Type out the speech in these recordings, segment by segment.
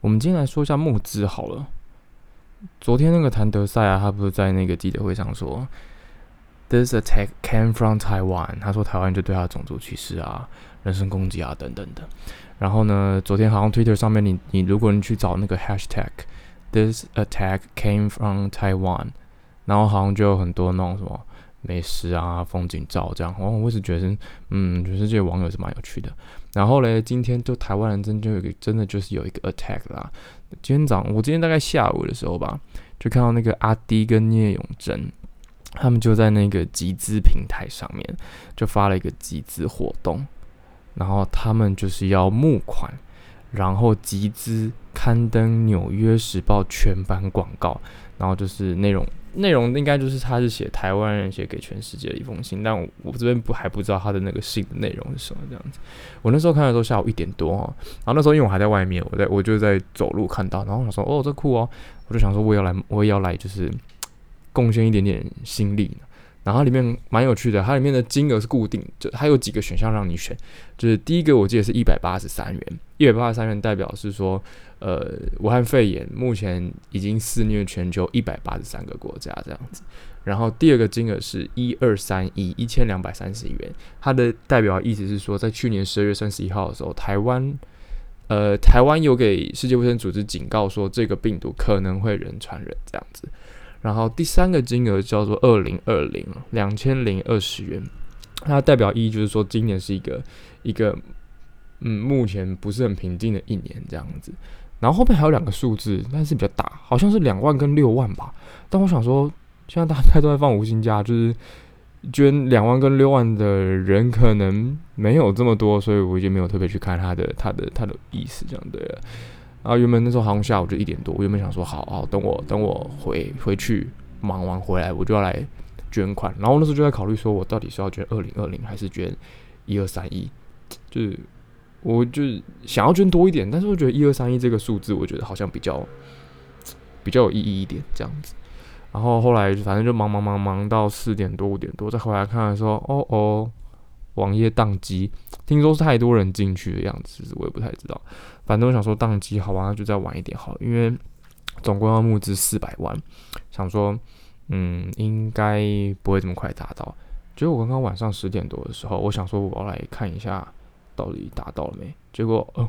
我們今天來說一下募資好了。昨天那個譚德賽啊，他不是在那個記者會上說，this attack came from Taiwan。他說台灣就對他的種族歧視啊、人身攻擊啊等等的。然後呢，昨天好像 Twitter 上面你，你你如果你去找那個 hashtag this attack came from Taiwan，然後好像就有很多那種什麼。美食啊，風景照這樣，我我一直覺得是，嗯，全世界網友是蠻有趣的。然後嘞，今天就台灣人真就有個，真的就是有一個 attack 啦。今天早上，我今天大概下午的時候吧，就看到那個阿滴跟聶永真，他們就在那個集資平台上面就發了一個集資活動，然後他們就是要募款，然後集資刊登《紐約時報》全版廣告，然後就是內容。內容應該就是他是寫台灣人寫給全世界的一封信，但我我這邊不還不知道他的那個信的內容是什麼這樣子。我那時候看的時候下午一點多啊，然後那時候因為我還在外面，我在我就在走路看到，然後我想說哦這酷哦，我就想說我也要來，我也要來就是貢獻一點點心力呢。然後裡面蠻有趣的，它裡面的金額是固定，就它有幾個選項讓你選。就是第一個我記得是一百八十三元，一百八十三元代表是說，呃，武漢肺炎目前已經肆虐全球一百八十三個國家這樣子。然後第二個金額是一二三一一千兩百三十元，它的代表的意思是說，在去年十二月三十一號的時候，台灣，呃，台灣有給世界衛生組織警告說，這個病毒可能會人傳人這樣子。然後第三個金額叫做二零二零，兩千零二十元，它代表一就是說今年是一個一個嗯目前不是很平靜的一年這樣子。然後後面還有兩個數字，但是比較大，好像是兩萬跟六萬吧。但我想說，現在大家都在放無薪假，就是捐兩萬跟六萬的人可能沒有這麼多，所以我就沒有特別去看他的他的他的意思這樣對了，啊。啊，原本那時候好像下午就一點多，我原本想說好，好好等我等我回回去忙完回來，我就要來捐款。然後那時候就在考慮說，我到底是要捐二零二零還是捐一二三一？就是我就是想要捐多一點，但是我覺得一二三一這個數字，我覺得好像比較比較有意義一點這樣子。然後後來反正就忙忙忙忙到四點多五點多，再回來看說，哦哦。網頁宕機，聽說是太多人進去的樣子，我也不太知道。反正我想說當，宕機好吧，那就再晚一點好了，因為總共要募資四百萬，想說，嗯，應該不會這麼快達到。結果我剛剛晚上十點多的時候，我想說我要來看一下到底達到了沒，結果哦、嗯，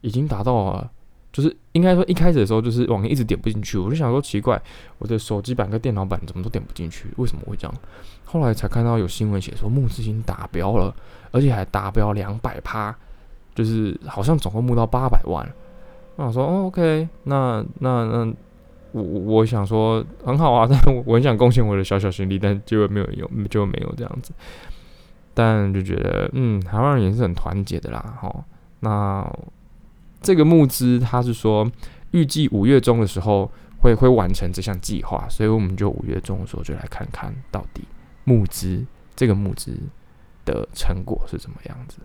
已經達到了。就是應該說一開始的時候，就是網頁一直點不進去，我就想說奇怪，我的手機版跟電腦版怎麼都點不進去，為什麼會這樣？後來才看到有新聞寫說募資已經達標了，而且還達標兩百趴，就是好像總共募到八百萬。我想說，哦，OK，那那那我我想說很好啊，但我，我很想貢獻我的小小心力，但結果沒有用，就沒有這樣子。但就覺得，嗯，台灣人也是很團結的啦，齁，那。這個募資，他是說預計五月中的時候會會完成這項計劃，所以我們就五月中的時候就來看看到底募資這個募資的成果是怎麼樣子。